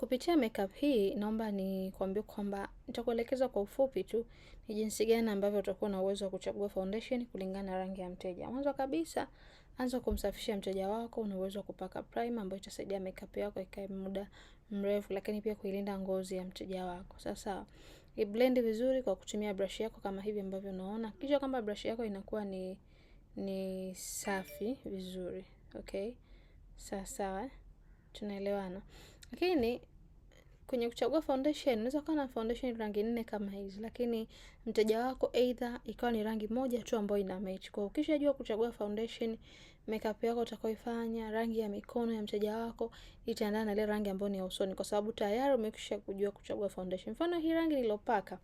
Kupitia makeup hii naomba nikuambie kwamba nitakuelekeza kwa ufupi tu ni jinsi gani ambavyo utakuwa na uwezo wa kuchagua foundation kulingana na rangi ya mteja. Mwanzo kabisa, anza kumsafishia mteja wako. Una uwezo wa kupaka primer ambayo itasaidia makeup yako ikae muda mrefu, lakini pia kuilinda ngozi ya mteja wako. Sasa iblend vizuri kwa kutumia brush yako kama hivi ambavyo unaona, kisha kama brush yako inakuwa ni ni safi vizuri, okay, sawa sawa, tunaelewana. Lakini kwenye kuchagua foundation unaweza kuwa na foundation rangi nne kama hizi, lakini mteja wako either ikawa ni rangi moja tu ambayo ina match. Kwa hiyo ukishajua kuchagua foundation, makeup yako utakaoifanya, rangi ya mikono ya mteja wako itaendana na ile rangi ambayo ni ya usoni, kwa sababu tayari umekisha kujua kuchagua foundation. Mfano hii rangi nilopaka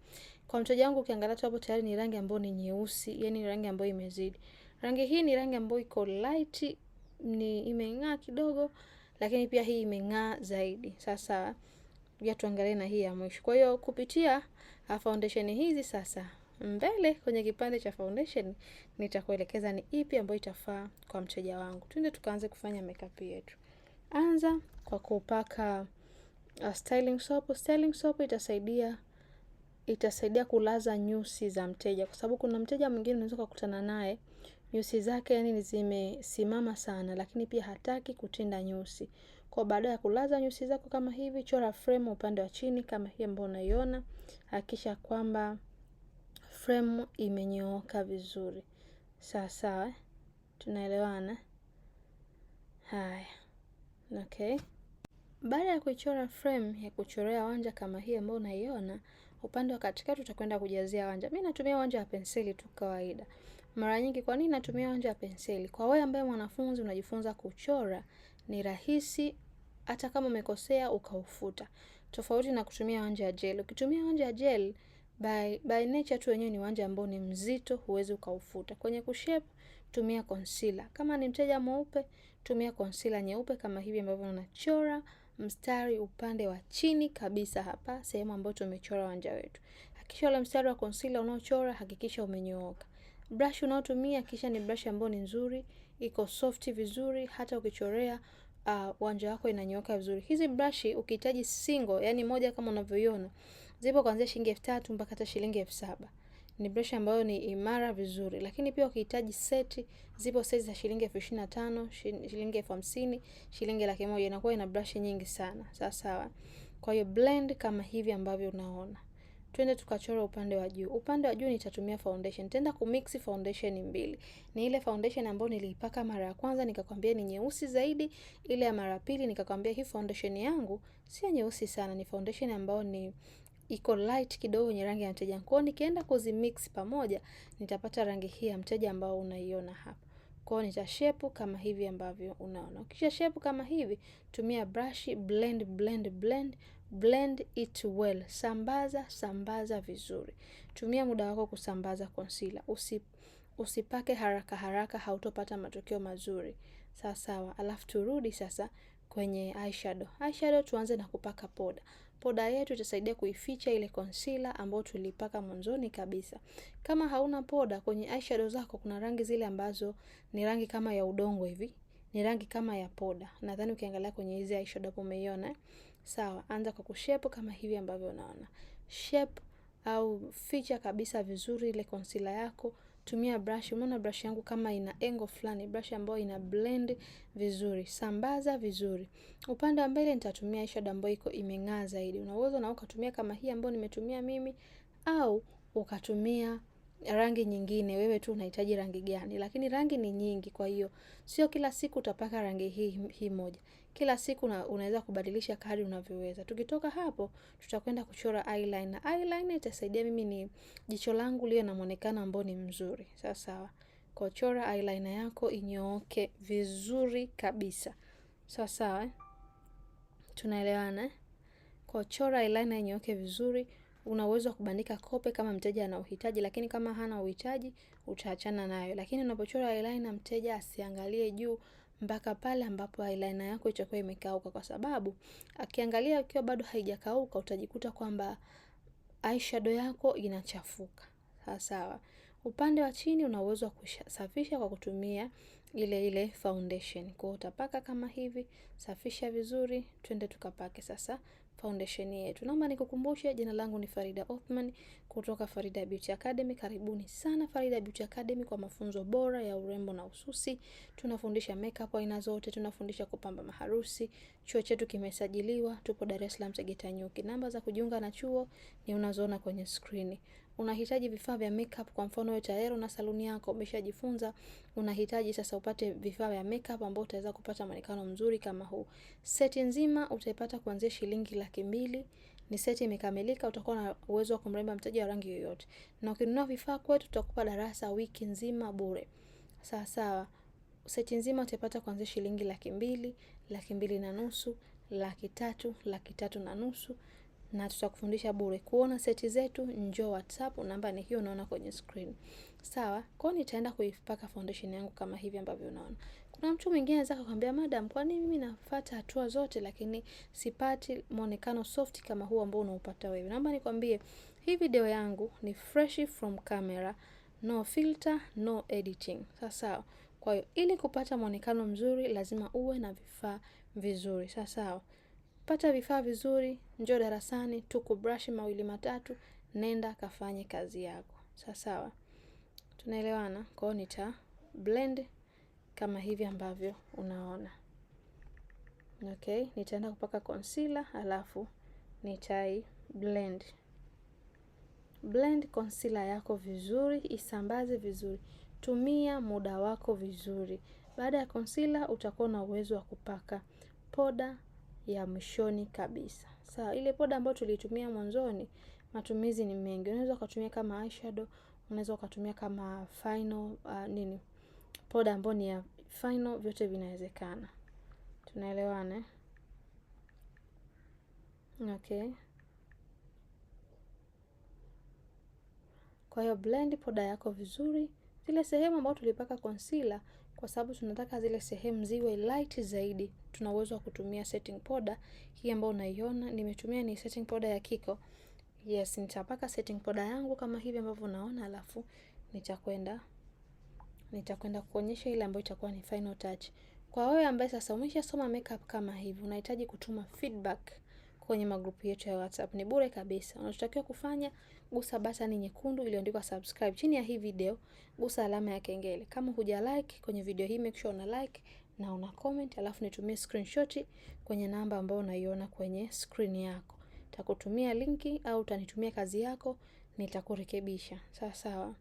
kwa mteja wangu, ukiangalia tu hapo tayari ni rangi ambayo ni nyeusi, yani ni rangi ambayo imezidi. Rangi hii ni rangi ambayo iko light, ni imeng'aa kidogo, lakini pia hii imeng'aa zaidi. Sasa ya tuangalie na hii ya mwisho. Kwa hiyo kupitia uh, foundation hizi sasa, mbele kwenye kipande cha foundation nitakuelekeza ni ipi ambayo itafaa kwa mteja wangu. Twende tukaanze kufanya makeup yetu. Anza kwa kupaka uh, styling soap. Styling soap itasaidia itasaidia kulaza nyusi za mteja, kwa sababu kuna mteja mwingine unaweza kukutana naye nyusi zake yani zimesimama sana, lakini pia hataki kutinda nyusi. Kwa baada ya kulaza nyusi zako kama hivi, chora fremu upande wa chini kama hii ambayo unaiona. Hakikisha kwamba fremu imenyooka vizuri, sawa sawa, eh? tunaelewana? Haya, okay. Baada ya kuichora frame ya kuchorea wanja kama hii ambayo unaiona, upande wa katikati utakwenda kujazia wanja. Mimi natumia wanja wa penseli tu kawaida. Mara nyingi kwa nini natumia wanja wa penseli? Kwa wewe ambaye mwanafunzi unajifunza kuchora, ni rahisi hata kama umekosea ukaufuta, tofauti na kutumia wanja ya gel. Ukitumia wanja ya gel by, by nature tu wenyewe ni wanja ambao ni mzito, huwezi ukaufuta. Kwenye kushape tumia concealer. Kama ni mteja mweupe tumia concealer nyeupe kama hivi ambavyo unachora mstari upande wa chini kabisa hapa sehemu ambayo tumechora wanja wetu. Hakikisha ule mstari wa concealer unaochora hakikisha umenyooka. Brush unaotumia kisha ni brush ambayo ni nzuri, iko soft vizuri, hata ukichorea Uh, uwanja wanja wako inanyooka vizuri. Hizi brashi ukihitaji single, yani moja kama unavyoiona, zipo kuanzia shilingi elfu tatu mpaka hata shilingi elfu saba ni brush ambayo ni imara vizuri, lakini pia ukihitaji seti zipo seti za shilingi elfu ishirini na tano shilingi elfu hamsini shilingi laki moja inakuwa ina brush nyingi sana. Sawa sawa. Kwa hiyo blend kama hivi ambavyo unaona. Twende tukachora upande wa juu. Upande wa juu nitatumia foundation. Tenda kumix foundation mbili. Ni ile foundation ambayo niliipaka mara ya kwanza nikakwambia ni nyeusi zaidi, ile ya mara pili nikakwambia hii foundation yangu si nyeusi sana, ni foundation ambayo ni iko light kidogo yenye rangi ya mteja. Kwa hiyo nikienda kuzimix pamoja, nitapata rangi hii ya mteja ambao unaiona hapa. Kwa nita shape kama hivi ambavyo unaona. Ukisha shape kama hivi, tumia brush blend blend blend blend it well, sambaza sambaza vizuri. Tumia muda wako kusambaza concealer. Usi, usipake haraka haraka, hautopata matokeo mazuri. Sawa sawa. Alafu turudi sasa kwenye eyeshadow. Eyeshadow tuanze na kupaka poda. Poda yetu itasaidia kuificha ile concealer ambayo tulipaka mwanzoni kabisa. Kama hauna poda kwenye eyeshadow zako, kuna rangi zile ambazo ni rangi kama ya udongo hivi, ni rangi kama ya poda. Nadhani ukiangalia kwenye hizi eyeshadow hapo umeiona. Sawa, anza kwa kushape kama hivi ambavyo unaona. Shape au ficha kabisa vizuri ile concealer yako. Tumia brush. Umeona brush yangu kama ina angle fulani, brush ambayo ina blend vizuri. Sambaza vizuri. Upande wa mbele nitatumia shadow ambayo iko imeng'aa zaidi. Una uwezo na ukatumia kama hii ambayo nimetumia mimi au ukatumia rangi nyingine, wewe tu unahitaji rangi gani, lakini rangi ni nyingi. Kwa hiyo sio kila siku utapaka rangi hii hii moja, kila siku una, unaweza kubadilisha kadri unavyoweza. Tukitoka hapo, tutakwenda kuchora eyeliner. Eyeliner itasaidia mimi ni jicho langu liwe na muonekano ambao ni mzuri, sawa sawa. Kwa chora eyeliner yako inyooke vizuri kabisa, sawa sawa, eh? Tunaelewana eh? Kwa chora eyeliner inyooke vizuri una uwezo wa kubandika kope kama mteja ana uhitaji, lakini kama hana uhitaji utaachana nayo. Lakini unapochora eyeliner, mteja asiangalie juu mpaka pale ambapo eyeliner yako itakuwa imekauka, kwa sababu akiangalia ukiwa bado haijakauka utajikuta kwamba eyeshadow yako inachafuka. Sawa. Upande wa chini una uwezo wa kusafisha kwa kutumia ile ile foundation. Kwa utapaka kama hivi, safisha vizuri, twende tukapake sasa foundation yetu. Naomba nikukumbushe, jina langu ni Farida Othman kutoka Farida Beauty Academy. Karibuni sana Farida Beauty Academy kwa mafunzo bora ya urembo na ususi. Tunafundisha makeup aina zote, tunafundisha kupamba maharusi. Chuo chetu kimesajiliwa, tupo Dar es Salaam Tegeta Nyuki. Namba za kujiunga na chuo ni unazoona kwenye skrini unahitaji vifaa vya makeup. Kwa mfano wewe tayari una saluni yako, umeshajifunza, unahitaji sasa upate vifaa vya makeup ambao utaweza kupata maonekano mzuri kama huu. Seti nzima utaipata kuanzia shilingi laki mbili. Ni seti imekamilika, utakuwa na uwezo wa kumremba mteja wa rangi yoyote, na ukinunua vifaa kwetu tutakupa darasa wiki nzima bure. Sawa sawa. Seti nzima utaipata kuanzia shilingi laki mbili, laki mbili na nusu, laki tatu, laki tatu na nusu na tutakufundisha bure. Kuona seti zetu, njoo WhatsApp, namba ni hiyo unaona kwenye screen. Sawa? Kwa hiyo nitaenda kuipaka foundation yangu kama hivi ambavyo unaona. Kuna mtu mwingine anaweza kukwambia madam, kwa nini mimi nafuata hatua zote lakini sipati muonekano soft kama huu ambao unaupata wewe? Naomba nikwambie, hii video yangu ni fresh from camera, no filter, no editing. Sawa? sawa. Kwa hiyo ili kupata muonekano mzuri lazima uwe na vifaa vizuri. Sawa Sawa? pata vifaa vizuri, njoo darasani, brush mawili matatu, nenda kafanye kazi yako. Sawa sawa, tunaelewana? Kwao nita blend kama hivi ambavyo unaona. Okay, nitaenda kupaka concealer alafu nitai blend. Blend concealer yako vizuri, isambaze vizuri, tumia muda wako vizuri. Baada ya concealer utakuwa na uwezo wa kupaka poda ya mwishoni kabisa. Sawa, ile poda ambayo tulitumia mwanzoni, matumizi ni mengi. Unaweza ukatumia kama eyeshadow, unaweza ukatumia kama final uh, nini poda ambayo ni ya final, vyote vinawezekana. Tunaelewana? Eh? Okay. Kwa hiyo blend poda yako vizuri. Zile sehemu ambayo tulipaka concealer, kwa sababu tunataka zile sehemu ziwe light zaidi, tuna uwezo wa kutumia setting powder hii ambayo unaiona nimetumia, ni setting powder ya Kiko. Yes, nitapaka setting powder yangu kama hivi ambavyo unaona, alafu nitakwenda nitakwenda kuonyesha ile ambayo itakuwa ni final touch. Kwa wewe ambaye sasa umeshasoma makeup kama hivi, unahitaji kutuma feedback kwenye magrupu yetu ya WhatsApp, ni bure kabisa. Unachotakiwa kufanya gusa batani nyekundu iliyoandikwa subscribe chini ya hii video, gusa alama ya kengele. Kama huja like kwenye video hii, make sure una like na una comment, alafu nitumie screenshot kwenye namba ambayo unaiona kwenye screen yako. Takutumia linki au utanitumia kazi yako, nitakurekebisha sawa sawa,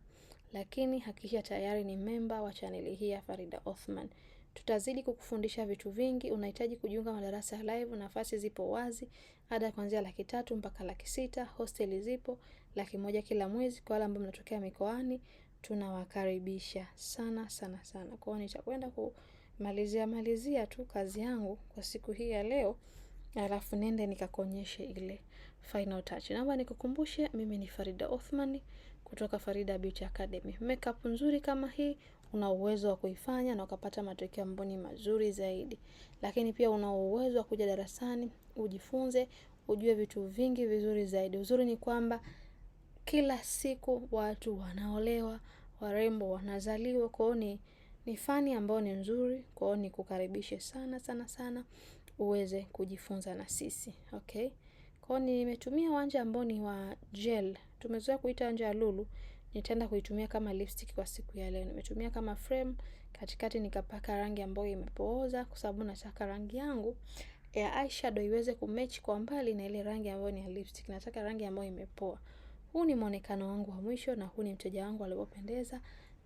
lakini hakikisha tayari ni memba wa chaneli hii ya Farida Othman. Tutazidi kukufundisha vitu vingi. Unahitaji kujiunga madarasa ya live, nafasi zipo wazi. Ada kuanzia laki tatu mpaka laki sita. Hosteli zipo laki moja kila mwezi. Kwa wale ambao mnatokea mikoani, tunawakaribisha sana sana sana. Kwao nitakwenda kumalizia malizia tu kazi yangu kwa siku hii ya leo, alafu nende nikakuonyeshe ile final touch. Naomba nikukumbushe, mimi ni Farida Othman kutoka Farida Beauty Academy. Makeup nzuri kama hii una uwezo wa kuifanya na ukapata matokeo ambayo ni mazuri zaidi. Lakini pia una uwezo wa kuja darasani ujifunze, ujue vitu vingi vizuri zaidi. Uzuri ni kwamba kila siku watu wanaolewa, warembo wanazaliwa. kwao ni ni fani ambayo ni nzuri, kwao ni kukaribishe sana sana sana uweze kujifunza na sisi okay. Kwao nimetumia wanja ambao ni wa gel, tumezoea kuita wanja ya lulu nitaenda kuitumia kama lipstick kwa siku ya leo. Nimetumia kama frame, katikati nikapaka rangi ambayo imepooza kwa sababu nataka rangi yangu ya eyeshadow iweze kumechi kwa mbali na ile rangi ambayo ni ya lipstick. Nataka rangi ambayo imepoa. Huu ni muonekano wangu wa mwisho na huu ni mteja wangu alivyopendeza.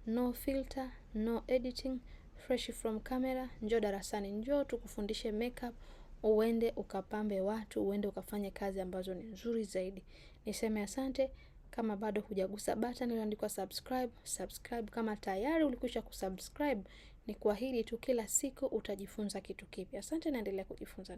No filter, no editing, fresh from camera. Njoo darasani, njoo tukufundishe makeup, uende ukapambe watu, uende ukafanye kazi ambazo ni nzuri zaidi. Niseme asante. Kama bado hujagusa button iliyoandikwa subscribe, subscribe. Kama tayari ulikwisha kusubscribe, ni kuahidi tu, kila siku utajifunza kitu kipya. Asante, naendelea kujifunza.